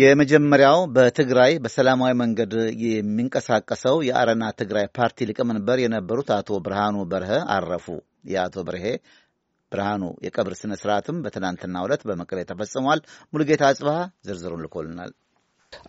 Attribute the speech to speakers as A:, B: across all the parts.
A: የመጀመሪያው በትግራይ በሰላማዊ መንገድ የሚንቀሳቀሰው የአረና ትግራይ ፓርቲ ሊቀመንበር የነበሩት አቶ ብርሃኑ በርሀ አረፉ። የአቶ ብርሄ ብርሃኑ የቀብር ስነ ስርዓትም በትናንትናው ዕለት በመቀሌ ተፈጽሟል። ሙሉጌታ አጽብሃ ዝርዝሩን
B: ልኮልናል።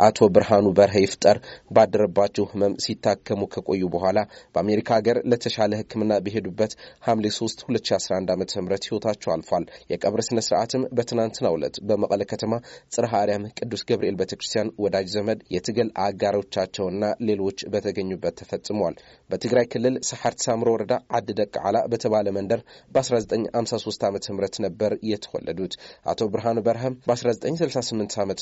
B: አቶ ብርሃኑ በርሀ ይፍጠር ባደረባቸው ህመም ሲታከሙ ከቆዩ በኋላ በአሜሪካ ሀገር ለተሻለ ሕክምና በሄዱበት ሐምሌ 3 2011 ዓ ም ህይወታቸው አልፏል። የቀብር ስነ ስርዓትም በትናንትና ዕለት በመቀለ ከተማ ጽርሐ አርያም ቅዱስ ገብርኤል ቤተ ክርስቲያን ወዳጅ ዘመድ፣ የትግል አጋሮቻቸውና ሌሎች በተገኙበት ተፈጽሟል። በትግራይ ክልል ሰሓርት ሳምሮ ወረዳ ዓዲ ደቅ ዓላ በተባለ መንደር በ1953 ዓ ም ነበር የተወለዱት። አቶ ብርሃኑ በርሀም በ1968 ዓ ም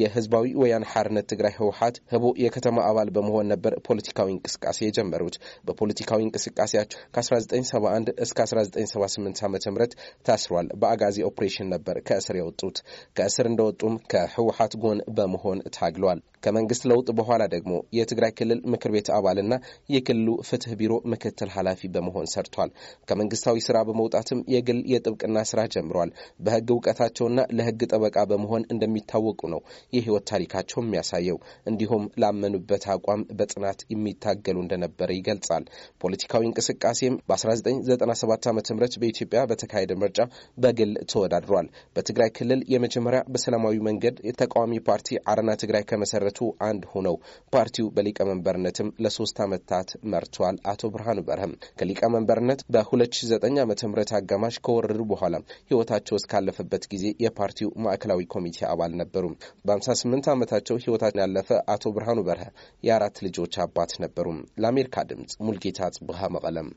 B: የህዝባዊ ወያነ ሓርነት ትግራይ ህወሓት ህቡእ የከተማ አባል በመሆን ነበር ፖለቲካዊ እንቅስቃሴ የጀመሩት። በፖለቲካዊ እንቅስቃሴያቸው ከ1971 እስከ 1978 ዓ ም ታስሯል። በአጋዚ ኦፕሬሽን ነበር ከእስር የወጡት። ከእስር እንደወጡም ከህወሓት ጎን በመሆን ታግሏል። ከመንግስት ለውጥ በኋላ ደግሞ የትግራይ ክልል ምክር ቤት አባልና የክልሉ ፍትህ ቢሮ ምክትል ኃላፊ በመሆን ሰርቷል። ከመንግስታዊ ስራ በመውጣትም የግል የጥብቅና ስራ ጀምሯል። በህግ እውቀታቸውና ለህግ ጠበቃ በመሆን እንደሚታወቁ ነው የህይወት ታሪካቸው የሚያሳየው። እንዲሁም ላመኑበት አቋም በጽናት የሚታገሉ እንደነበረ ይገልጻል። ፖለቲካዊ እንቅስቃሴም በ1997 ዓ ም በኢትዮጵያ በተካሄደ ምርጫ በግል ተወዳድሯል። በትግራይ ክልል የመጀመሪያ በሰላማዊ መንገድ የተቃዋሚ ፓርቲ አረና ትግራይ ከመሰረ ህብረቱ አንድ ሆነው ፓርቲው በሊቀመንበርነትም ለሶስት ዓመታት መርቷል። አቶ ብርሃኑ በርህም ከሊቀመንበርነት በ2009 ዓ ም አጋማሽ ከወረዱ በኋላ ህይወታቸው እስካለፈበት ጊዜ የፓርቲው ማዕከላዊ ኮሚቴ አባል ነበሩ። በ58 ዓመታቸው ህይወታቸውን ያለፈ አቶ ብርሃኑ በርህ የአራት ልጆች አባት ነበሩ። ለአሜሪካ ድምፅ ሙልጌታ ጽብሃ መቀለም